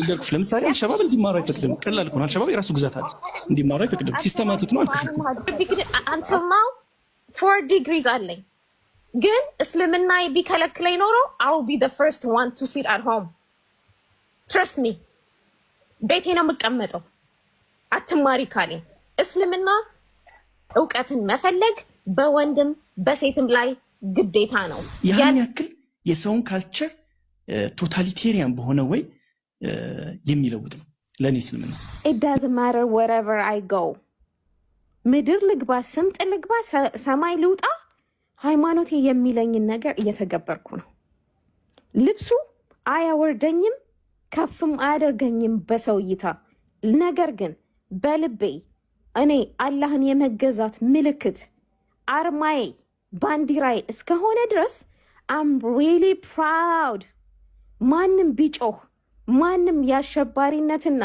ነገርኩሽ። ለምሳሌ አልሸባብ እንዲማሩ አይፈቅድም። ቀላል እኮ ነው። አልሸባብ የራሱ ግዛት አለ፣ እንዲማሩ አይፈቅድም። ሲስተማቲክ ነው አልኩሽ እኮ ፎር ዲግሪዝ አለኝ። ግን እስልምና ቢከለክለኝ ኖሮ አው ቢ ዘ ፈርስት ዋን ቱ ሲት አት ሆም ትረስት ሚ ቤቴ ነው የምቀመጠው። አትማሪ ካለኝ እስልምና እውቀትን መፈለግ በወንድም በሴትም ላይ ግዴታ ነው። ያን ያክል የሰውን ካልቸር ቶታሊቴሪያን በሆነ ወይ የሚለውጥ ነው ለእኔ እስልምና። ኢዳዝ ማተር ወረቨር አይ ጎ ምድር ልግባ፣ ስምጥ ልግባ፣ ሰማይ ልውጣ፣ ሃይማኖቴ የሚለኝን ነገር እየተገበርኩ ነው። ልብሱ አያወርደኝም ከፍም አያደርገኝም በሰው እይታ። ነገር ግን በልቤ እኔ አላህን የመገዛት ምልክት አርማዬ ባንዲራዬ እስከሆነ ድረስ አም ሪሊ ፕራውድ ማንም ቢጮህ ማንም የአሸባሪነትና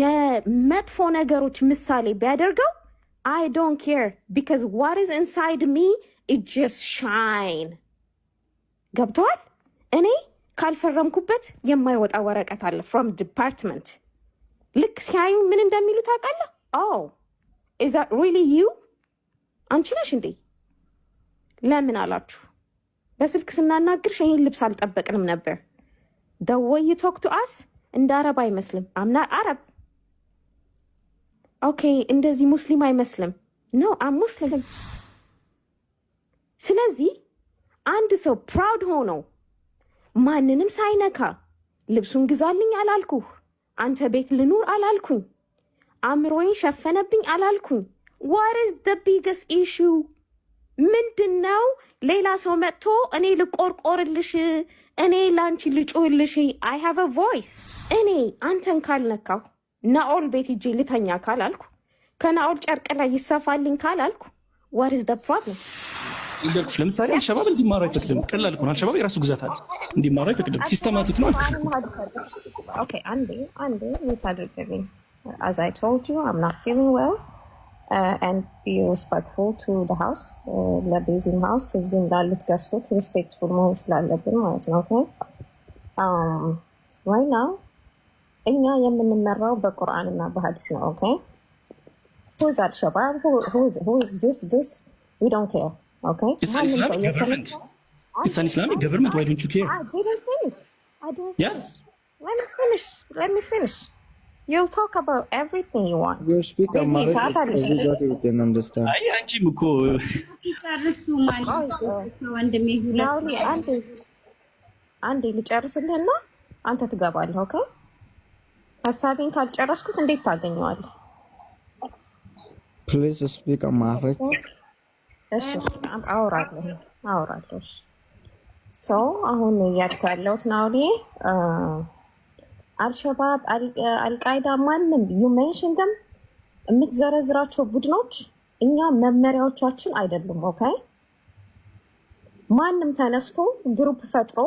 የመጥፎ ነገሮች ምሳሌ ቢያደርገው አይ ዶንት ኬር ቢካዝ ዋት ኢዝ ኢንሳይድ ሚ ኢት ጀስት ሻይን። ገብተዋል። እኔ ካልፈረምኩበት የማይወጣ ወረቀት አለ ፍሮም ዲፓርትመንት። ልክ ሲያዩ ምን እንደሚሉ ታውቃለህ? ኦ ኢዝ ዛት ሪሊ ዩ አንቺ ነሽ እንዴ? ለምን አላችሁ። በስልክ ስናናግርሽ ይህን ልብስ አልጠበቅንም ነበር ደወይ ቶክ ቱ አስ እንደ አረብ አይመስልም። አምና አረብ ኦኬ፣ እንደዚህ ሙስሊም አይመስልም። ኖ አም ሙስሊም። ስለዚህ አንድ ሰው ፕራውድ ሆኖ ማንንም ሳይነካ ልብሱን ግዛልኝ አላልኩህ፣ አንተ ቤት ልኑር አላልኩኝ፣ አእምሮዬን ሸፈነብኝ አላልኩኝ። ዋርዝ ደ ቢገስት ኢሹ ምንድን ነው? ሌላ ሰው መጥቶ እኔ ልቆርቆርልሽ እኔ ለአንቺ ልጩልሽ አይ ሃቭ ቮይስ። እኔ አንተን ካልነካሁ ናኦል ቤት ሂጅ ልተኛ ካላልኩ ከናኦል ጨርቅ ላይ ይሰፋልኝ ካላልኩ ዋት ኢዝ ዘ ፕሮብለም? ለምሳሌ አልሸባብ እንዲማሩ አይፈቅድም። ቀላል ከሆነ አልሸባብ የራሱ ግዛት አለ፣ እንዲማሩ አይፈቅድም። ሲስተማቲክ ነው። ኦኬ አንዴ አንዴ ታደርገብኝ አዛይቶልድ ዩ አም ናት ፊሊንግ ዌል uh, and be respectful to the house ለቤዝም ሀውስ እዚህ እንዳሉት ገስቶች ሪስፔክትፉል መሆን ስላለብን ማለት ነው። ወይ ናው እኛ የምንመራው በቁርአን እና በሀዲስ ነው። ኦኬ who is that? Shabab? Who, who, is, who is this? This? We don't care. Okay? It's an Islamic government. It's an Islamic government. Why don't you care? I didn't I not Yes. Let me finish. Let me finish. You'll talk about everything you want. Your speaker Busy, you can understand. አይ አንቺም እኮ ጨርሱ ማለት ወንድሜ አንዴ ልጨርስልህና አንተ ትገባለህ። ኦኬ ሀሳቤን ካልጨረስኩት እንዴት ታገኘዋለህ? ፕሊዝ ስፒክ ማድረግ እሺ፣ አውራለሁ አውራለሁ። ሰው አሁን እያልኩ ያለሁት ናውኔ አልሸባብ፣ አልቃይዳ ማንም ዩሜንሽን ደም የምትዘረዝራቸው ቡድኖች እኛ መመሪያዎቻችን አይደሉም። ኦኬ ማንም ተነስቶ ግሩፕ ፈጥሮ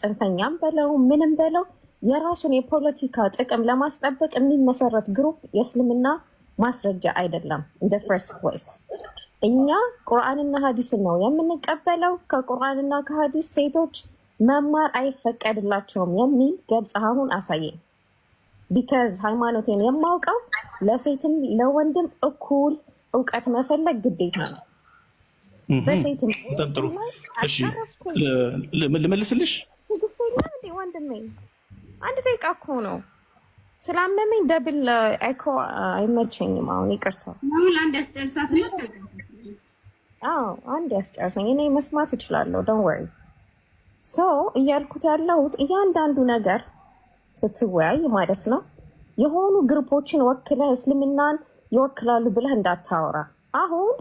ጽንፈኛም በለው ምንም በለው የራሱን የፖለቲካ ጥቅም ለማስጠበቅ የሚመሰረት ግሩፕ የእስልምና ማስረጃ አይደለም። እንደ ፈርስት ፕሌስ እኛ ቁርአንና ሀዲስን ነው የምንቀበለው። ከቁርአንና ከሀዲስ ሴቶች መማር አይፈቀድላቸውም የሚል ገልጽ አሁን አሳየኝ። ቢከዝ ሃይማኖቴን የማውቀው ለሴትም ለወንድም እኩል እውቀት መፈለግ ግዴታ ነው። በሴትም ልመልስልሽ ወንድሜ፣ አንድ ደቂቃ እኮ ነው ስላመመኝ ደብል ኤኮ አይመቸኝም። አሁን ይቅርታ። አንድ አንድ ያስጨርሰኝ። እኔ መስማት እችላለሁ። ዶንት ወሪ ሰው እያልኩት ያለሁት እያንዳንዱ ነገር ስትወያይ ማለት ነው የሆኑ ግሩፖችን ወክለ እስልምናን ይወክላሉ ብለህ እንዳታወራ። አሁን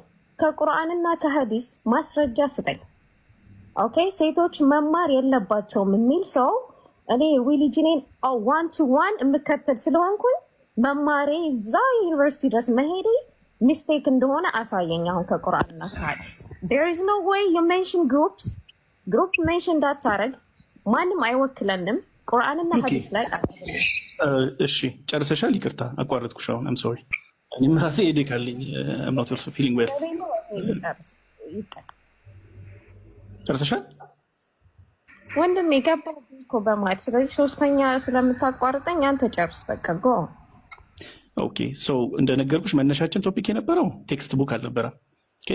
ከቁርአንና ከሀዲስ ማስረጃ ስጠኝ። ኦኬ ሴቶች መማር የለባቸውም የሚል ሰው እኔ ሪሊጅኔን ዋን ቱ ዋን የምከተል ስለሆንኩኝ መማሬ እዛ ዩኒቨርሲቲ ድረስ መሄዴ ሚስቴክ እንደሆነ አሳየኝ። አሁን ከቁርአንና ከሀዲስ ዜር ኢዝ ኖ ዌይ ዩ ሜንሽን ግሩፕስ ግሩፕ ሜንሽን እንዳታረግ፣ ማንም አይወክለንም። ቁርአንና ሀዲስ ላይ እሺ፣ ጨርሰሻል? ይቅርታ አቋረጥኩሽ። አሁን አም ሶሪ እኔም ራሴ ሄደካልኝ ምናት ልሶ ፊሊንግ ዌል ጨርሰሻል? ወንድም የገባ እኮ በማለት ስለዚህ ሶስተኛ ስለምታቋርጠኝ አንተ ጨርስ በቃ ጎ ኦኬ ሶ እንደነገርኩሽ መነሻችን ቶፒክ የነበረው ቴክስት ቡክ አልነበረም።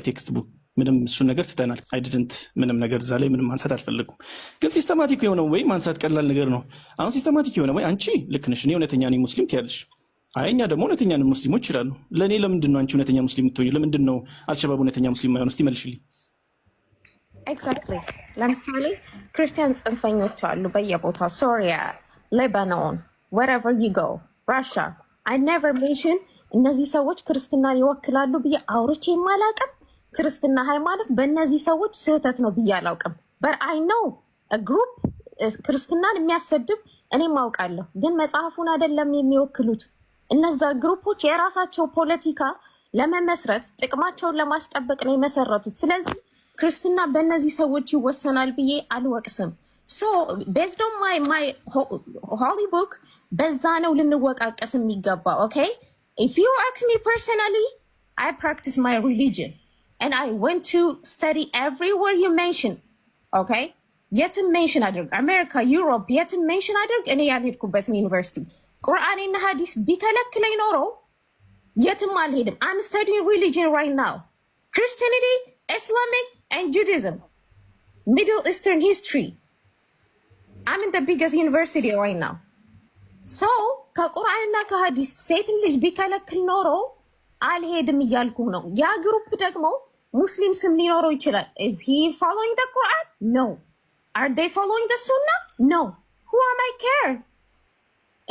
ቴክስት ቡክ ምንም እሱን ነገር ትተናል። አይድንት ምንም ነገር እዛ ላይ ምንም ማንሳት አልፈለጉም። ግን ሲስተማቲክ የሆነው ወይ ማንሳት ቀላል ነገር ነው። አሁን ሲስተማቲክ የሆነ ወይ አንቺ ልክ ነሽ፣ እኔ እውነተኛ ነኝ ሙስሊም ትያለሽ። አይ እኛ ደግሞ እውነተኛ ሙስሊሞች ይችላሉ። ለእኔ ለምንድን ነው አንቺ እውነተኛ ሙስሊም ትሆኝ? ለምንድን ነው አልሸባብ እውነተኛ ሙስሊም ማይሆን? እስቲ መልሽልኝ። ኤግዛክትሊ ለምሳሌ ክርስቲያን ጽንፈኞች አሉ በየቦታው ሶሪያ፣ ሌባኖን፣ ወረቨር ዩ ጎ ራሽያ አይ ኔቨር ሜንሽን እነዚህ ሰዎች ክርስትና ይወክላሉ ብዬ አውርቼ የማላቅም ክርስትና ሃይማኖት በእነዚህ ሰዎች ስህተት ነው ብዬ አላውቅም። በርአይ ነው ግሩፕ ክርስትናን የሚያሰድብ እኔም አውቃለሁ፣ ግን መጽሐፉን አይደለም የሚወክሉት እነዛ ግሩፖች የራሳቸው ፖለቲካ ለመመስረት ጥቅማቸውን ለማስጠበቅ ነው የመሰረቱት። ስለዚህ ክርስትና በእነዚህ ሰዎች ይወሰናል ብዬ አልወቅስም። ሶ ማይ ማይ ሆሊ ቡክ በዛ ነው ልንወቃቀስ የሚገባ ኦኬ ኢፍ ዩ አክስ ሚ ፐርሰናሊ አይ ፕራክቲስ ማይ ሪሊጅን and I went to study everywhere you mentioned, okay? Yet to mention other America, Europe, yet to mention either any other Kubetan university. Quran in Hadith, Bikalakilay Noro, yet to I'm studying religion right now Christianity, Islamic, and Judaism, Middle Eastern history. I'm in the biggest university right now. So, ከቁርአን እና ከሀዲስ ሴትን ልጅ ቢከለክል ኖሮ አልሄድም እያልኩ ነው። ያ ግሩፕ ደግሞ ሙስሊም ስም ሊኖረው ይችላል። ኢዝ ሂ ፎሎዊንግ ደ ቁርአን ኖ። አር ዴይ ፎሎዊንግ ደ ሱና ኖ። ሁ አም አይ ኬር።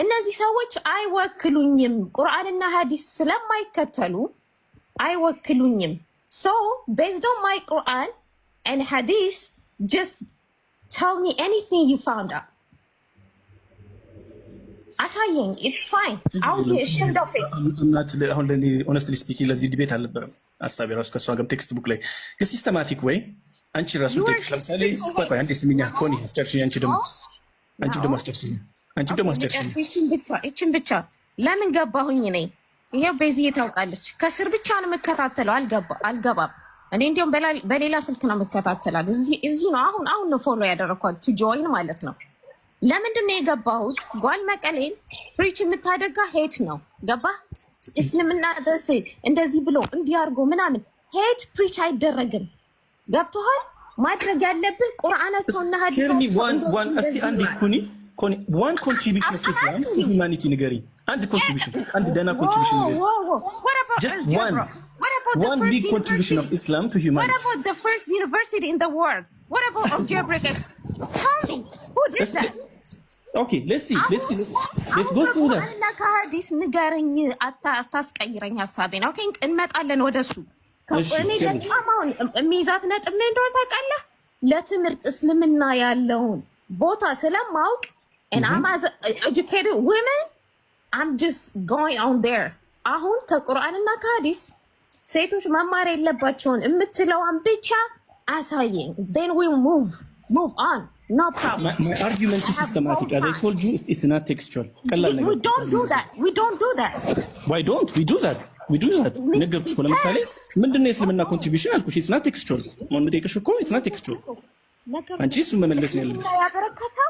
እነዚህ ሰዎች አይወክሉኝም። ቁርአንና ሀዲስ ስለማይከተሉ አይወክሉኝም። ሶ ቤዝድ ኦን ማይ ቁርአን ኤንድ ሀዲስ ጀስት ቴል ሚ ኤኒቲንግ ዩ ፋውንድ አውት አሳየኝ። ፋይን አሁን ሆነስትሊ ስፒኪንግ ለዚህ ዲቤት አልነበረም አሳቢ ራሱ ከእሷ ጋር ቴክስት ቡክ ላይ ግን ሲስተማቲክ ወይ አንቺ ራሱ ለምሳሌ አንቺ ስሚኛ ኮኒ አስጨርሽኝ። አንቺ ደግሞ አንቺ ደግሞ አስጨርሽኝ። አንቺ ደግሞ አስጨርሽኝ። ይችን ብቻ ለምን ገባሁኝ እኔ? ይሄው በዚህ ታውቃለች። ከስር ብቻ ነው የምከታተለው። አልገባም እኔ እንዲሁም በሌላ ስልክ ነው የምከታተላት። እዚህ ነው አሁን አሁን ነው ፎሎ ያደረኳት ቱ ጆይን ማለት ነው ለምንድን ነው የገባሁት? ጓል መቀሌን ፕሪች የምታደርጋ ሄት ነው ገባ እስልምና ደስ እንደዚህ ብሎ እንዲያርጎ ምናምን ሄት ፕሪች አይደረግም። ገብቶሃል? ማድረግ ያለብን ቁርአናቸውና ሀዲስ አንድ ኩኒ ዋን ኮንትሪቢሽን ኦፍ ኢስላም ቱ አንድ ኮንትሪቢሽን አንድ ደህና ኮንትሪቢሽን ንገሪኝ። ጀስት ዋን ዋን ቢግ ኮንትሪቢሽን ኦፍ ኢስላም ቱ ሂውማኒቲ What about the first university in the world? What about of Tell me, who did that? ኦኬ ሌትስ ሲ ሌትስ ጎ ፉ ዳት እና ንገረኝ፣ አታስቀይረኝ ሀሳቤን። ኦኬ እንመጣለን ወደሱ። እኔ በጣም የሚይዛት ነጥብ ምን እንደሆነ ታውቃለህ? ለትምህርት እስልምና ያለውን ቦታ ስለማውቅ እናማዝ ኤጁኬትድ ዊመን አም ጀስት ጎይንግ ኦን ዴር። አሁን ከቁርአንና ከሀዲስ ሴቶች መማር የለባቸውን የምትለዋን ብቻ አሳየኝ ዴን ዊ ሙቭ ሙቭ ኦን ኖ ፕሮብለም ማይ አርጊመንት ኢዝ ሲስተማቲክ አዝ አይ ቶልድ ዩ ኢትስ ናት ቴክስቹዋል ቀላል ነገር ዊ ዶንት ዱ ዳት ዊ ዶንት ዱ ዳት ዋይ ዶንት ዊ ዱ ዳት ዊ ዱ ዳት ነገርኩሽ እኮ ለምሳሌ ምንድነው የእስልምና ኮንትሪቢሽን አልኩሽ ኢትስ ናት ቴክስቹዋል ሞን መጠየቅሽ እኮ ኢትስ ናት ቴክስቹዋል አንቺ እሱን መመለስ ነው ያለብሽ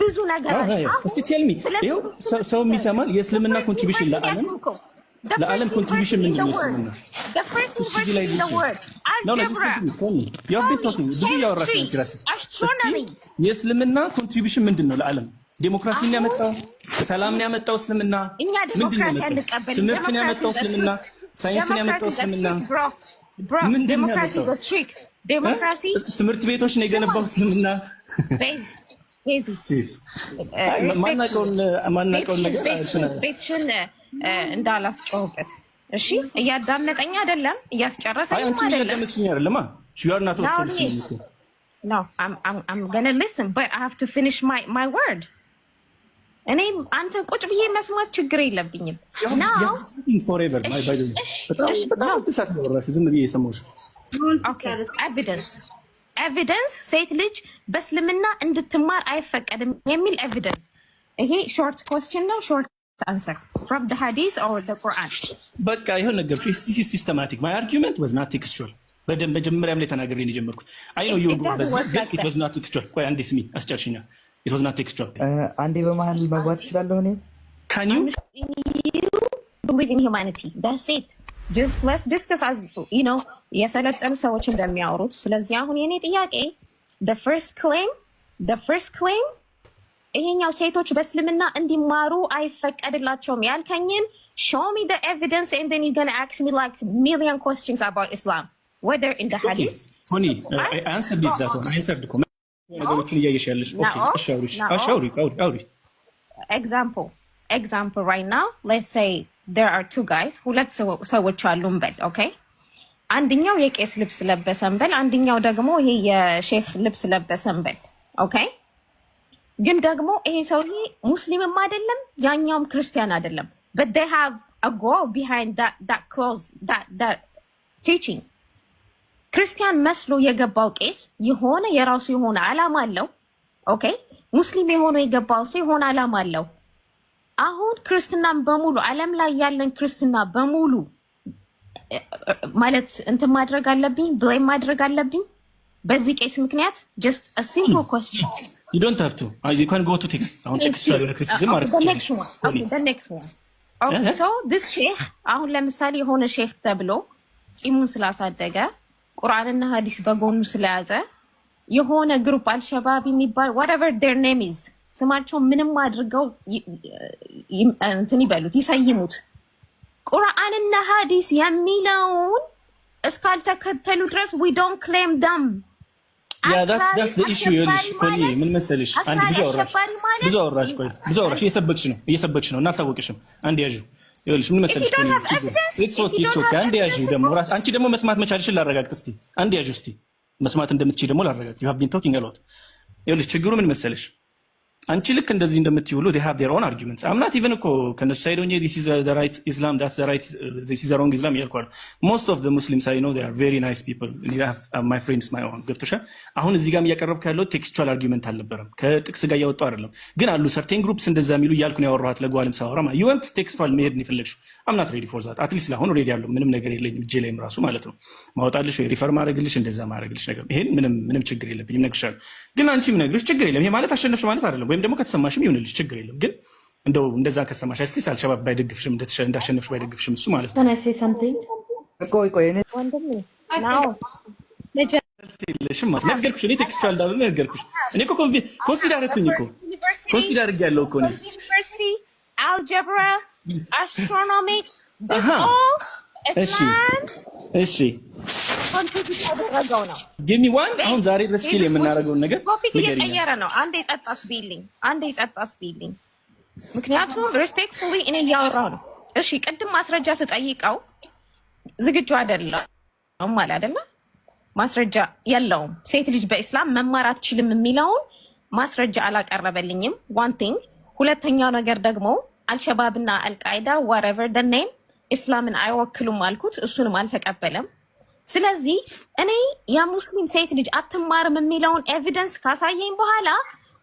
ብዙ ነገር እስቲ ቴል ሚ ይኸው ሰው የሚሰማል የእስልምና ኮንትሪቢሽን ለዓለም ለዓለም ኮንትሪቢሽን ምንድን ነው? ብዙ እያወራሽ የእስልምና ኮንትሪቢሽን ምንድን ነው ለዓለም? ዴሞክራሲን ያመጣው ሰላምን ያመጣው እስልምና ምንድን ነው? ትምህርትን ያመጣው እስልምና፣ ሳይንስን ያመጣው እስልምና ምንድን ነው ያመጣው? ትምህርት ቤቶች ነው የገነባው እስልምና ማናውቀውን ነገር እንዳላስጨውበት። እሺ እያዳመጠኝ አይደለም፣ እያስጨረሰኝ አይደለም። እኔ አንተ ቁጭ ብዬ መስማት ችግር የለብኝም። ኤቪደንስ ኤቪደንስ ሴት ልጅ በእስልምና እንድትማር አይፈቀድም የሚል ኤቪደንስ። ይሄ ሾርት ኮስችን ነው ሾርት answer from the hadith or the Quran? But I know ነገር this is systematic my argument was not textual በደም መጀመሪያም ላይ ተናግሬ going to አይ ነው you it was not textual ቆይ አንዴ ስሚ አስጨርሽኛ it was not textual uh, And በመሃል መግባት እችላለሁ can you you believe in humanity that's it just let's discuss as you know Yes, I እንደሚያወሩት them so የኔ ጥያቄ the first claim the first claim ይሄኛው ሴቶች በእስልምና እንዲማሩ አይፈቀድላቸውም ያልከኝን show me the evidence and then you're gonna ask me uh, ነገሮችን ኤግዛምፕል ኤግዛምፕል right now let's say there are ሁለት ሰዎች አሉ እንበል ኦኬ አንደኛው የቄስ ልብስ ለበሰ እንበል አንደኛው ደግሞ ይሄ የሼክ ልብስ ለበሰ እንበል ኦኬ ግን ደግሞ ይሄ ሰውዬ ሙስሊምም አይደለም ያኛውም ክርስቲያን አይደለም። በት ዴይ ሃቭ አ ጎል ቢሃይንድ ዳት ክሎዝ ዳት ቲቺንግ። ክርስቲያን መስሎ የገባው ቄስ የሆነ የራሱ የሆነ አላማ አለው። ኦኬ ሙስሊም የሆነ የገባው ሰው የሆነ አላማ አለው። አሁን ክርስትናን በሙሉ ዓለም ላይ ያለን ክርስትና በሙሉ ማለት እንትን ማድረግ አለብኝ ብሌም ማድረግ አለብኝ በዚህ ቄስ ምክንያት ጀስት ሲምፕል You don't have to. You can go to text. I want extra criticism. Okay, the next one. Okay, the next one. Okay, so this ሼህ አሁን ለምሳሌ የሆነ ሼህ ተብሎ ፂሙን ስላሳደገ ቁርአንና ሀዲስ በጎኑ ስለያዘ የሆነ ግሩፕ አልሸባብ የሚባል whatever their name is ስማቸው ምንም አድርገው እንትን ይበሉት ይሰይሙት ቁርአንና ሀዲስ የሚለውን እስካልተከተሉ ድረስ we don't claim them ዳስ ኢሹ ይኸውልሽ፣ ቆይ ምን መሰለሽ፣ አንድ ብዙ አወራሽ ብዙ አወራሽ፣ ቆይ ብዙ አወራሽ፣ እየሰበክሽ ነው እየሰበክሽ ነው እና አልታወቅሽም። አንድ ያዥው ይኸውልሽ፣ ምን መሰለሽ፣ አንድ ያዥው ደግሞ አንቺ ደግሞ መስማት መቻልሽን ላረጋግጥ እስኪ። አንድ ያዥው እስኪ መስማት እንደምትችይ ደግሞ ላረጋግጥ። ችግሩ ምን መሰለሽ አንቺ ልክ እንደዚህ እንደምትውሉ ሃ they have their own arguments እኮ ከነሱ ሳይድ ሆኜ this is the right Islam that's the right this is the wrong Islam እያልኩ አይደል most uh, ገብቶሻል አሁን እዚህ ጋርም እያቀረብክ ያለው ቴክስቹዋል አርጊመንት አልነበረም ከጥቅስ ጋር እያወጣሁ አይደለም ግን አሉ ሰርቴን ግሩፕስ እንደዛ የሚሉ እያልኩ ነው ያወራኋት ለጓልም ሳወራ ዩወንት ወንት ቴክስቹዋል መሄድ ነው የፈለግሽው አምናት ሬዲ ፎር ዛት that at ለአሁን ሬዲ ያለው ምንም ነገር የለኝም እጄ ላይም ራሱ ማለት ነው ማወጣልሽ ወይ ሪፈር ማድረግልሽ እንደዛ ማድረግልሽ ነገር ይሄን ምንም ምንም ችግር የለብኝም እነግርሻለሁ ግን አንቺም ነግርሽ ችግር የለም ይሄ ማለት አሸነፍሽ ማለት አይደለም ወይም ደግሞ ከተሰማሽም ይሁንልሽ ችግር የለም ግን እንደው እንደዛ ከሰማሽ አትሊስት አልሸባብ ባይደግፍሽም እንዳሸነፍሽ ባይደግፍሽም እሱ ማለት ነው። ነገርኩሽ፣ እኔ ቴክስቹዋል ዳብ ነገርኩሽ። እኔ እኮ ኮንሲድ አደረኩኝ እኮ ኮንሲድ አድርጌያለሁ እኮ እኔ አልጀብራ፣ አስትሮኖሚ፣ እሺ እሺ ኮንትሪቢዩት ያደረገው ነው። ጊቭ ዋን አሁን ዛሬ ለስኪል የምናደርገውን ነገር እየቀየረ ነው። አንድ የጸጥ አስቢልኝ፣ አንድ የጸጥ አስቢልኝ። ምክንያቱም ሪስፔክትፉሊ እኔ እያወራሁ ነው። እሺ ቅድም ማስረጃ ስጠይቀው ዝግጁ አይደለም አለ አይደለ? ማስረጃ የለውም። ሴት ልጅ በኢስላም መማር አትችልም የሚለውን ማስረጃ አላቀረበልኝም። ዋን ቲንግ። ሁለተኛው ነገር ደግሞ አልሸባብና አልቃይዳ ዋሬቨር ደኔም ኢስላምን አይወክሉም አልኩት። እሱንም አልተቀበለም። ስለዚህ እኔ የሙስሊም ሴት ልጅ አትማርም የሚለውን ኤቪደንስ ካሳየኝ በኋላ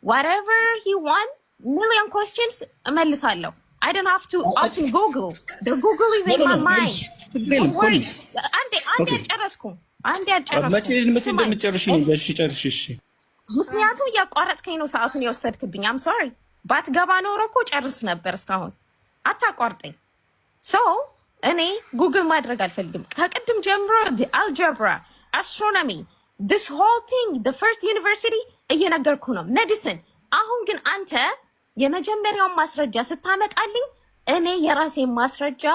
whatever he want million questions እመልሳለሁ። I አንዴ አንዴ አልጨረስኩም። አንዴ አልጨረስኩም። መቼ መቼ እሺ፣ እሺ፣ ምክንያቱም እያቋረጥከኝ ነው ሰዓቱን የወሰድክብኝ። አም ሶሪ። ባትገባ ኖሮ እኮ ጨርስ ነበር። እስካሁን አታቋርጠኝ ሰው እኔ ጉግል ማድረግ አልፈልግም። ከቅድም ጀምሮ አልጀብራ፣ አስትሮኖሚ ዲስ ሆል ቲንግ ፈርስት ዩኒቨርሲቲ እየነገርኩ ነው ሜዲሲን። አሁን ግን አንተ የመጀመሪያውን ማስረጃ ስታመጣልኝ እኔ የራሴን ማስረጃ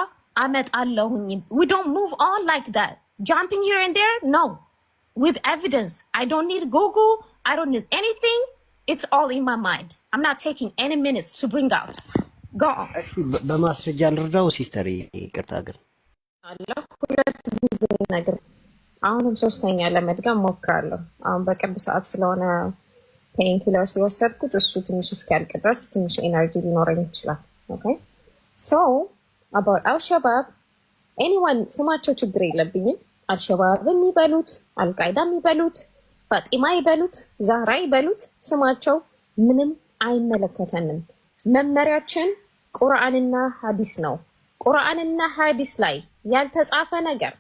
አመጣለሁኝ። ዊ ዶንት ሙቭ ኦን ላይክ ዳት ጃምፒንግ ሂር ኤንድ ዜር ኖ ዊዝ ኤቪደንስ አይ ዶንት ኒድ ጉግል አይ ዶንት ኒድ ኤኒቲንግ ኢትስ ኦል ኢን ማይ ማይንድ አም ናት ቴኪንግ ኤኒ ሚኒትስ ቱ ብሪንግ አውት በማስረጃ ልርዳው ሲስተር፣ ይቅርታ ግን አለሁ ሁለት ጊዜ ነግር፣ አሁንም ሶስተኛ ለመድገም ሞክራለሁ። አሁን በቅርብ ሰዓት ስለሆነ ፔን ኪለር ሲወሰድኩት እሱ ትንሽ እስኪያልቅ ድረስ ትንሽ ኤነርጂ ሊኖረኝ ይችላል። ሰው አባውት አልሸባብ ኤኒዋን ስማቸው ችግር የለብኝም። አልሸባብ የሚበሉት አልቃይዳ የሚበሉት ፋጢማ ይበሉት ዛራ ይበሉት ስማቸው ምንም አይመለከተንም። መመሪያችን ቁርአንና ሀዲስ ነው። ቁርአንና ሀዲስ ላይ ያልተጻፈ ነገር፣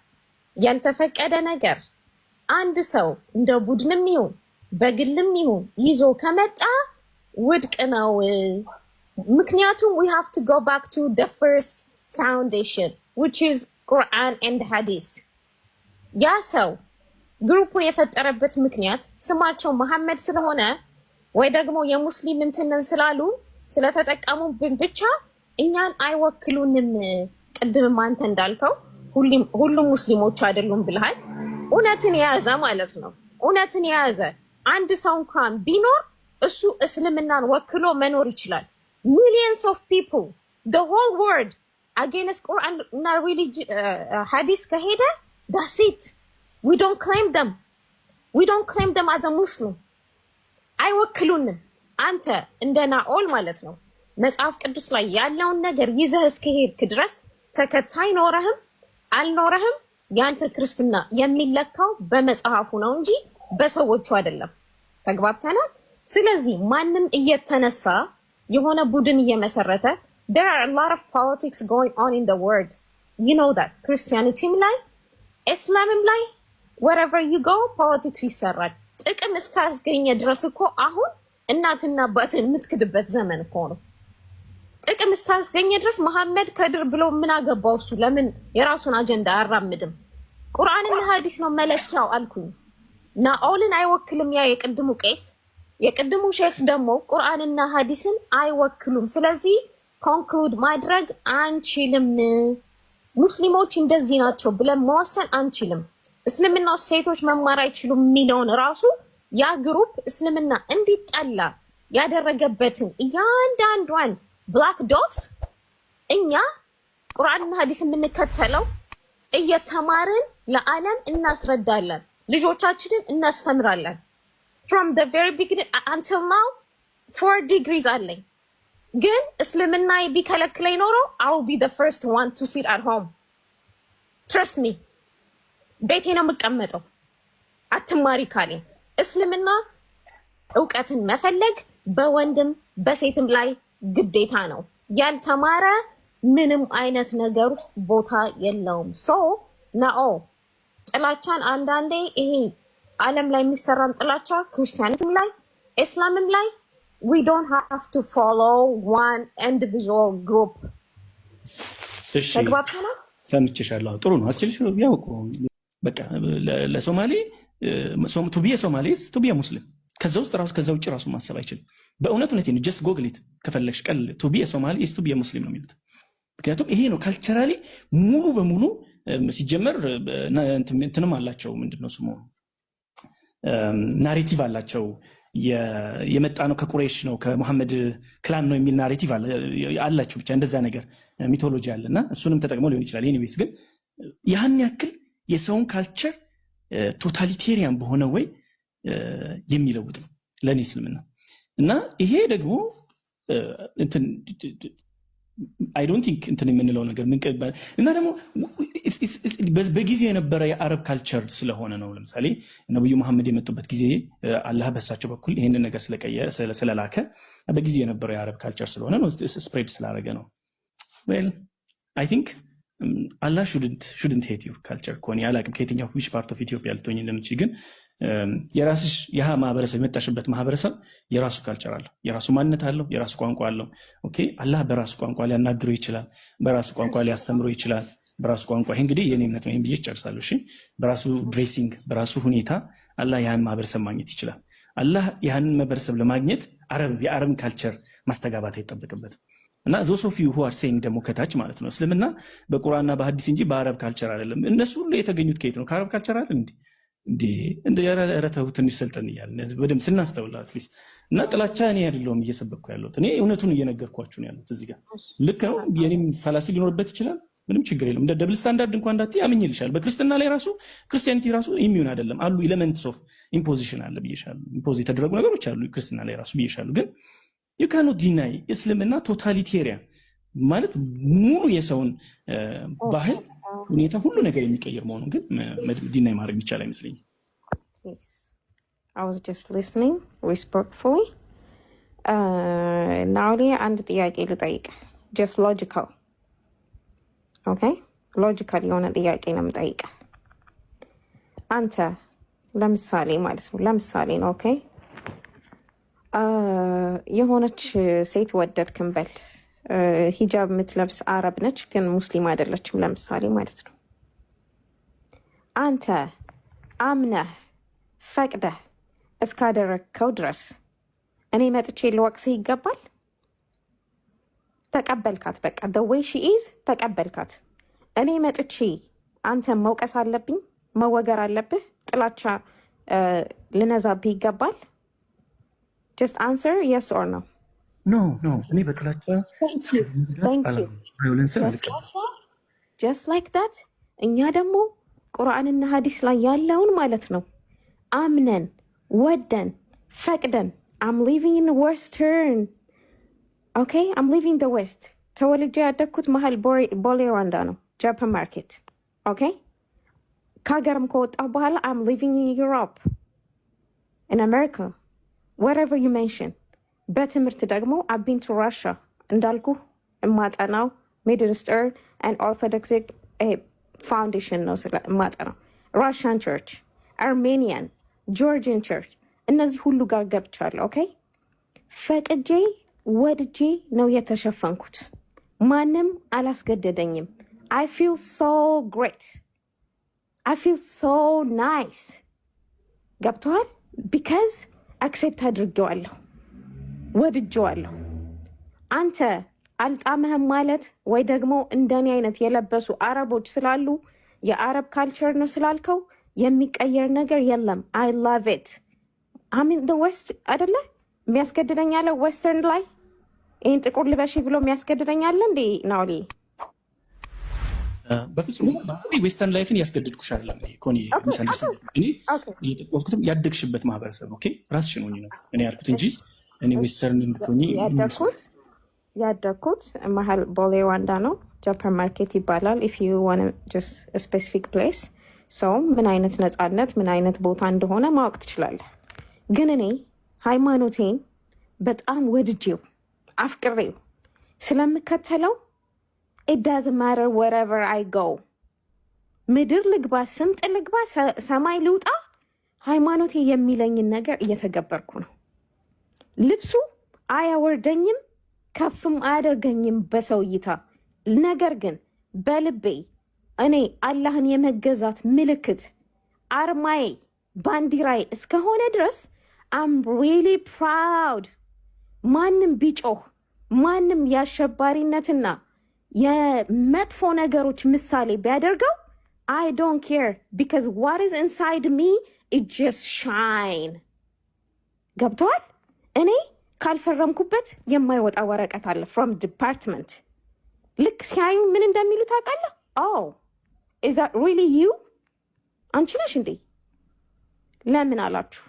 ያልተፈቀደ ነገር አንድ ሰው እንደ ቡድንም ይሁን በግልም ይሁን ይዞ ከመጣ ውድቅ ነው። ምክንያቱም we have to go back to the first foundation which is ቁርአን and ሀዲስ። ያ ሰው ግሩፑን የፈጠረበት ምክንያት ስማቸው መሐመድ ስለሆነ ወይ ደግሞ የሙስሊም እንትንን ስላሉ ስለተጠቀሙብን ብቻ እኛን አይወክሉንም። ቅድምም አንተ እንዳልከው ሁሉም ሙስሊሞች አይደሉም ብልሃል። እውነትን የያዘ ማለት ነው። እውነትን የያዘ አንድ ሰው እንኳን ቢኖር እሱ እስልምናን ወክሎ መኖር ይችላል። ሚሊየንስ ኦፍ ፒፕል ደ ሆል ወርድ አጌንስ ቁርአን እና ሪሊጅ ሀዲስ uh, ከሄደ ዳሴት ዊ ዶንት ክሌም ደም ዊ ዶንት ክሌም ደም አዘ ሙስሊም አይወክሉንም። አንተ እንደ ናኦል ማለት ነው መጽሐፍ ቅዱስ ላይ ያለውን ነገር ይዘህ እስከሄድክ ድረስ ተከታይ ኖረህም አልኖረህም የአንተ ክርስትና የሚለካው በመጽሐፉ ነው እንጂ በሰዎቹ አይደለም። ተግባብተናል። ስለዚህ ማንም እየተነሳ የሆነ ቡድን እየመሰረተ there are a ክርስቲያኒቲም ላይ እስላምም ላይ ወረቨር you go ይሰራል። ጥቅም እስካስገኘ ድረስ እኮ አሁን እናትና አባትን የምትክድበት ዘመን እኮ ነው። ጥቅም እስካስገኘ ድረስ መሐመድ ከድር ብሎ ምን አገባው እሱ? ለምን የራሱን አጀንዳ አያራምድም? ቁርአንና ሀዲስ ነው መለኪያው አልኩኝ። ናኦልን አይወክልም ያ የቅድሙ ቄስ። የቅድሙ ሼክ ደግሞ ቁርአንና ሀዲስን አይወክሉም። ስለዚህ ኮንክሉድ ማድረግ አንችልም። ሙስሊሞች እንደዚህ ናቸው ብለን መወሰን አንችልም። እስልምና ሴቶች መማር አይችሉም የሚለውን ራሱ ያ ግሩፕ እስልምና እንዲጠላ ያደረገበትን እያንዳንዷን ብላክ ዶት እኛ ቁርአንና ሀዲስ የምንከተለው እየተማርን ለዓለም እናስረዳለን፣ ልጆቻችንን እናስተምራለን። ፍሮም ደ ቨሪ ቢግኒንግ አንቲል ናው ፎር ዲግሪዝ አለኝ። ግን እስልምና ቢከለክለኝ ኖሮ አው ቢ ደ ፈርስት ዋን ቱ ሲድ አት ሆም ትረስት ሚ ቤቴ ነው የምቀመጠው። አትማሪ ካለኝ እስልምና እውቀትን መፈለግ በወንድም በሴትም ላይ ግዴታ ነው። ያልተማረ ምንም አይነት ነገር ውስጥ ቦታ የለውም። ሶ ናኦ ጥላቻን አንዳንዴ ይሄ ዓለም ላይ የሚሰራን ጥላቻ ክርስቲያኒትም ላይ እስላምም ላይ ዊ ዶንት ሃቭ ቱ ፎሎ ዋን ኢንዲቪዥዋል ግሩፕ። ተግባብተናል። ሰምቼሻለሁ። ጥሩ ነው። አችልሽ ያውቁ በቃ ለሶማሌ ቱቢ ሶማሌስ ቱቢ ሙስሊም ከዛ ውስጥ ራሱ ከዛ ውጭ ራሱ ማሰብ አይችልም። በእውነት እውነት ጀስት ጎግሊት ከፈለግሽ ቀል ቱቢ ሶማሌስ ቱቢ ሙስሊም ነው የሚሉት። ምክንያቱም ይሄ ነው ካልቸራሊ ሙሉ በሙሉ ሲጀመር እንትንም አላቸው ምንድነው ስሙ ናሬቲቭ አላቸው የመጣ ነው ከቁሬሽ ነው ከሙሐመድ ክላን ነው የሚል ናሬቲቭ አላቸው። ብቻ እንደዛ ነገር ሚቶሎጂ አለ እና እሱንም ተጠቅመው ሊሆን ይችላል። ኒዌይስ ግን ያን ያክል የሰውን ካልቸር ቶታሊቴሪያን በሆነ ወይ የሚለውጥ ነው ለእኔ እስልምና እና ይሄ ደግሞ አይ ዶንት ቲንክ እንትን የምንለው ነገር እና ደግሞ በጊዜው የነበረ የአረብ ካልቸር ስለሆነ ነው። ለምሳሌ ነብዩ መሐመድ የመጡበት ጊዜ አላህ በሳቸው በኩል ይህንን ነገር ስለላከ በጊዜው የነበረ የአረብ ካልቸር ስለሆነ ነው፣ ስፕሬድ ስላደረገ ነው። ዌል አይ ቲንክ አላ ሹድንት ሄት ዩር ካልቸር ከሆነ ያላቅም ከየትኛው ዊች ፓርት ኦፍ ኢትዮጵያ ልትሆኝ እንደምትችል ግን የራስሽ ያህ ማህበረሰብ የመጣሽበት ማህበረሰብ የራሱ ካልቸር አለው፣ የራሱ ማንነት አለው፣ የራሱ ቋንቋ አለው። ኦኬ አላህ በራሱ ቋንቋ ሊያናግረው ይችላል፣ በራሱ ቋንቋ ሊያስተምሮ ይችላል። በራሱ ቋንቋ ይህ እንግዲህ የኔ እምነት ነው። ይህም ብዬ ጨርሳለሁ። እሺ በራሱ ድሬሲንግ፣ በራሱ ሁኔታ አላህ ያህን ማህበረሰብ ማግኘት ይችላል። አላህ ያህንን ማህበረሰብ ለማግኘት አረብ የአረብን ካልቸር ማስተጋባት አይጠበቅበትም። እና ዞስ ኦፍ ዩ ሁ አር ሴይንግ ደግሞ ከታች ማለት ነው እስልምና በቁርአንና በሀዲስ እንጂ በአረብ ካልቸር አይደለም። እነሱ ሁሉ የተገኙት ከየት ነው? ከአረብ ካልቸር አይደል እንዲ እንደ ረተው ትንሽ ሰልጠን እያልን በደምብ ስናስተውል አትሊስት እና ጥላቻ እኔ አይደለሁም እየሰበኩ ያለሁት እኔ እውነቱን እየነገርኳችሁ ነው ያሉት። እዚህ ጋር ልክ ነው። የኔም ፈላሲ ሊኖርበት ይችላል። ምንም ችግር የለም። እንደ ደብል ስታንዳርድ እንኳ እንዳትይ አምኝልሻል። በክርስትና ላይ ራሱ ክርስቲያኒቲ ራሱ ኢሚዩን አይደለም አሉ ኤሌመንትስ ኦፍ ኢምፖዚሽን አለ ብዬሻሉ። ኢምፖዝ የተደረጉ ነገሮች አሉ ክርስትና ላይ ራሱ ብዬሻሉ ግን ካኖ ዲናይ እስልምና ቶታሊቴሪያን ማለት ሙሉ የሰውን ባህል ሁኔታ ሁሉ ነገር የሚቀይር መሆኑ ግን ዲናይ ማድረግ የሚቻል አይመስለኝም። ናውሊ አንድ ጥያቄ ልጠይቅ። ጀስት ሎጂካል ኦኬ፣ ሎጂካል የሆነ ጥያቄ ነው የምጠይቀ። አንተ ለምሳሌ ማለት ነው ለምሳሌ ነው ኦኬ የሆነች ሴት ወደድ በል ሂጃብ የምትለብስ አረብ ነች፣ ግን ሙስሊም አይደለችም። ለምሳሌ ማለት ነው። አንተ አምነህ ፈቅደህ እስካደረግከው ድረስ እኔ መጥቼ ልወቅስህ ይገባል? ተቀበልካት፣ በቃ ደዌይ ሺኢዝ ተቀበልካት። እኔ መጥቼ አንተ መውቀስ አለብኝ? መወገር አለብህ? ጥላቻ ልነዛብህ ይገባል? Just answer yes or no. ኖ ኖ እኔ በጥላቻ ጀስት ላይክ ዳት እኛ ደግሞ ቁርአንና ሀዲስ ላይ ያለውን ማለት ነው አምነን ወደን ፈቅደን አም ሊቪንግ ኢን ወስተርን ኦኬ አም ሊቪንግ ደ ዌስት ተወልጄ ያደግኩት መሀል ቦሌ ሩዋንዳ ነው ጃፓን ማርኬት ኦኬ ከሀገርም ከወጣሁ በኋላ አም ሊቪንግ ኢን ዩሮፕ ኢን አሜሪካ ወረቨር ዩ ሜንሽን በትምህርት ደግሞ አቢን ቱ ራሻ እንዳልኩ የማጠናው ሚድል ኢስተርን አንድ ኦርቶዶክስ ፋውንዴሽን ነው የማጠናው። ራሽያን ቸርች፣ አርሜኒያን፣ ጆርጂን ቸርች እነዚህ ሁሉ ጋር ገብቻለሁ። ኦኬ ፈቅጄ ወድጄ ነው የተሸፈንኩት። ማንም አላስገደደኝም። አይ ፊል ሶ ግሬት አይ ፊል ሶ ናይስ ገብተዋል ቢካዝ አክሴፕት አድርጌዋለሁ፣ ወድጀዋለሁ። አንተ አልጣመህም ማለት ወይ ደግሞ እንደኔ አይነት የለበሱ አረቦች ስላሉ የአረብ ካልቸር ነው ስላልከው የሚቀየር ነገር የለም። አይ ላቭ ኢት አሚን ወስት አይደለ የሚያስገድደኝ አለ ወስተርን ላይ ይህን ጥቁር ልበሺ ብሎ የሚያስገድደኝ አለ እንዴ ናውሌ በፍጹም ዌስተርን ላይፍን ያስገድድኩሽ አይደለም። እኔ የጠቆምኩትም ያደግሽበት ማህበረሰብ ኦኬ፣ ራስሽን ሆኜ ነው እኔ ያልኩት እንጂ እኔ ዌስተርን እንድትሆኚ ያደግኩት መሀል ቦሌ ዋንዳ ነው። ጃፓን ማርኬት ይባላል። ኢፍ ዩ ዋን ስፔሲፊክ ፕሌስ ሰውም ምን አይነት ነፃነት ምን አይነት ቦታ እንደሆነ ማወቅ ትችላለህ። ግን እኔ ሃይማኖቴን በጣም ወድጄው አፍቅሬው ስለምከተለው ኢዳዝ ማተር ወረቨር አይ ጎ ምድር ልግባ፣ ስምጥ ልግባ፣ ሰማይ ልውጣ፣ ሃይማኖቴ የሚለኝን ነገር እየተገበርኩ ነው። ልብሱ አያወርደኝም፣ ከፍም አያደርገኝም በሰው እይታ። ነገር ግን በልቤ እኔ አላህን የመገዛት ምልክት አርማዬ፣ ባንዲራዬ እስከሆነ ድረስ አም ሪሊ ፕራውድ። ማንም ቢጮህ ማንም የአሸባሪነትና የመጥፎ ነገሮች ምሳሌ ቢያደርገው አይ ዶን ኬር ቢካዝ ዋት ኢዝ ኢንሳይድ ሚ ኢት ጀስት ሻይን። ገብተዋል። እኔ ካልፈረምኩበት የማይወጣ ወረቀት አለ ፍሮም ዲፓርትመንት። ልክ ሲያዩ ምን እንደሚሉ ታውቃለህ? ኦ ኢዝ ዛት ሪሊ ዩ አንቺ ነሽ እንዴ? ለምን አላችሁ?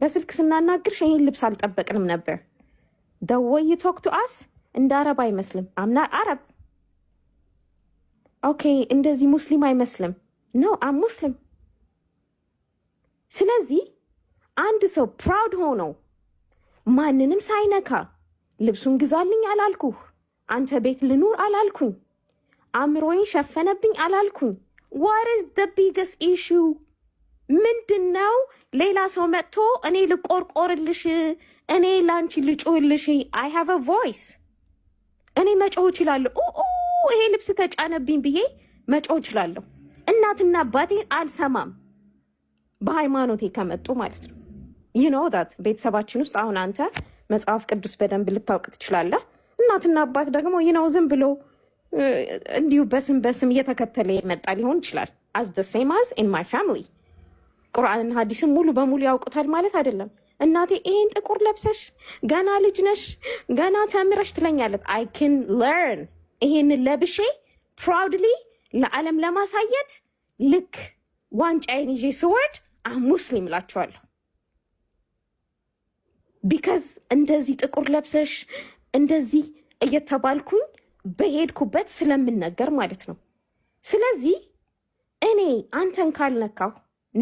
በስልክ ስናናግርሽ ይህን ልብስ አልጠበቅንም ነበር። ደወይ ቶክ ቱ አስ እንደ አረብ አይመስልም። አምና አረብ ኦኬ እንደዚህ ሙስሊም አይመስልም ነው አም ሙስሊም። ስለዚህ አንድ ሰው ፕራውድ ሆኖ ማንንም ሳይነካ ልብሱን ግዛልኝ አላልኩህ፣ አንተ ቤት ልኑር አላልኩኝ፣ አእምሮዬን ሸፈነብኝ አላልኩኝ። ዋርስ ደ ኢሹ ምንድን ነው? ሌላ ሰው መጥቶ እኔ ልቆርቆርልሽ፣ እኔ ላንቺ ልጩልሽ። አይ ሃቭ አ ቮይስ። እኔ መጮህ እችላለሁ። ይሄ ልብስ ተጫነብኝ ብዬ መጮ እችላለሁ። እናትና አባቴ አልሰማም፣ በሃይማኖቴ ከመጡ ማለት ነው። ይህ ነው ታት ቤተሰባችን ውስጥ አሁን አንተ መጽሐፍ ቅዱስ በደንብ ልታውቅ ትችላለህ። እናትና አባት ደግሞ ይህ ነው ዝም ብሎ እንዲሁ በስም በስም እየተከተለ የመጣ ሊሆን ይችላል። አዝ ደ ሴም ኢን ማይ ፋሚሊ ቁርአንን ሀዲስን ሙሉ በሙሉ ያውቁታል ማለት አይደለም። እናቴ ይሄን ጥቁር ለብሰሽ ገና ልጅ ነሽ ገና ተምረሽ ትለኛለት አይ ክን ለርን ይሄን ለብሼ ፕራውድሊ ለዓለም ለማሳየት ልክ ዋንጫዬን ይዤ ስወርድ ሙስሊም እላችኋለሁ። ቢካዝ እንደዚህ ጥቁር ለብሰሽ እንደዚህ እየተባልኩኝ በሄድኩበት ስለምነገር ማለት ነው። ስለዚህ እኔ አንተን ካልነካሁ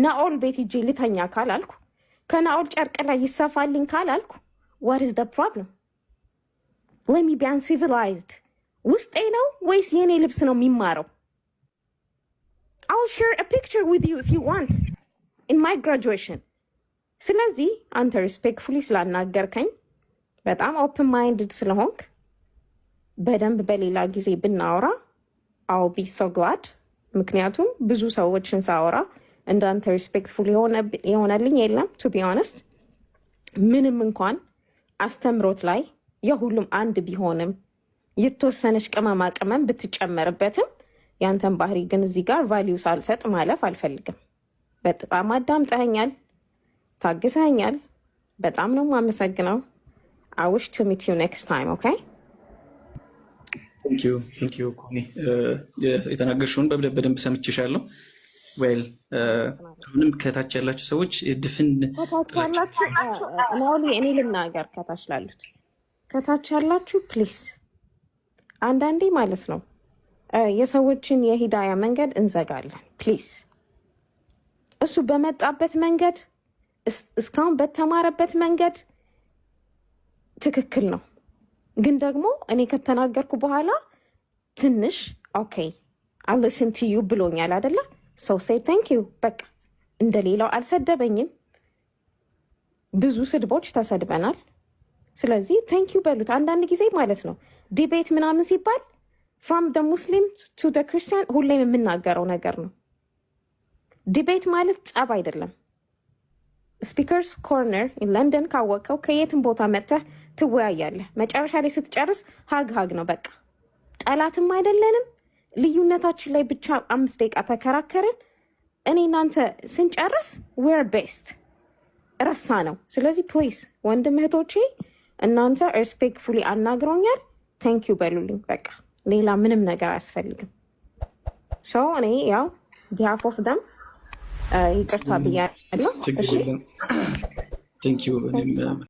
ናኦል ቤት እጄ ልተኛ ካላልኩ ከናኦል ጨርቅ ላይ ይሰፋልኝ ካላልኩ ዋት ኢዝ ደ ፕሮብለም? ሌት ቢያን ሲቪላይዝድ ውስጤ ነው ወይስ የኔ ልብስ ነው የሚማረው? አውል ሼር ፒክቸር ዊዝ ዩ ኢፍ ዩ ዋንት ኢን ማይ ግራጁዌሽን። ስለዚህ አንተ ሪስፔክትፉሊ ስላናገርከኝ በጣም ኦፕን ማይንድድ ስለሆንክ በደንብ በሌላ ጊዜ ብናወራ አው ቢ ሶ ግላድ። ምክንያቱም ብዙ ሰዎችን ሳወራ እንዳንተ ሪስፔክትፉል የሆነልኝ የለም። ቱ ቢ ሆነስት ምንም እንኳን አስተምሮት ላይ የሁሉም አንድ ቢሆንም የተወሰነች ቅመማ ቅመም ብትጨመርበትም ያንተን ባህሪ ግን እዚህ ጋር ቫሊዩ ሳልሰጥ ማለፍ አልፈልግም። በጣም አዳምጠኸኛል፣ ታግሰኛል። በጣም ነው የማመሰግነው። አውሽ ቱ ሚት ዩ ኔክስት ታይም ኦኬ። የተናገርሽውን በደንብ ሰምቼሻለሁ። ዌል uh, አሁንም ከታች ያላችሁ ሰዎች ድፍን እኔ ልናገር ከታች ላሉት ከታች ያላችሁ ፕሊስ አንዳንዴ ማለት ነው የሰዎችን የሂዳያ መንገድ እንዘጋለን። ፕሊስ እሱ በመጣበት መንገድ እስካሁን በተማረበት መንገድ ትክክል ነው። ግን ደግሞ እኔ ከተናገርኩ በኋላ ትንሽ ኦኬ አልስን ቱ ብሎኛል አደለ? ሰው ሴይ ታንክ ዩ በቃ እንደሌላው አልሰደበኝም። ብዙ ስድቦች ተሰድበናል። ስለዚህ ታንክ ዩ በሉት። አንዳንድ ጊዜ ማለት ነው ዲቤት ምናምን ሲባል ፍሮም ደ ሙስሊም ቱ ደ ክርስቲያን ሁሌም የምናገረው ነገር ነው። ዲቤት ማለት ጸብ አይደለም። ስፒከርስ ኮርነር ለንደን ካወቀው ከየትም ቦታ መጥተህ ትወያያለህ። መጨረሻ ላይ ስትጨርስ ሀግ ሀግ ነው በቃ። ጠላትም አይደለንም። ልዩነታችን ላይ ብቻ አምስት ደቂቃ ተከራከርን። እኔ እናንተ ስንጨርስ ዌር ቤስት ረሳ ነው። ስለዚህ ፕሊስ ወንድም እህቶቼ እናንተ ሬስፔክትፉሊ አናግሮኛል ቴንኪዩ በሉልኝ። በቃ ሌላ ምንም ነገር አያስፈልግም። ሰው እኔ ያው ቢሃፍ ኦፍ ደም ይቅርታ mm. ብያለሁ።